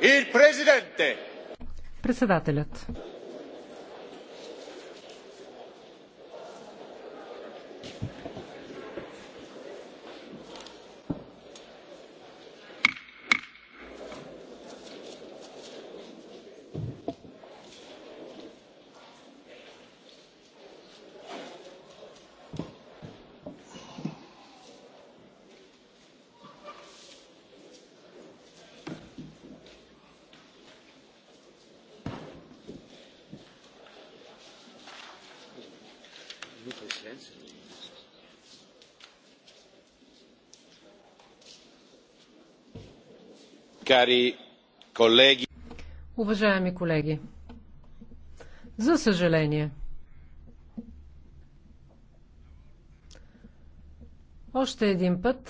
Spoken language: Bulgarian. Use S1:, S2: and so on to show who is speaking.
S1: Il Presidente.
S2: Председателят.
S3: Кари колеги.
S4: Уважаеми колеги,
S5: за съжаление, още един път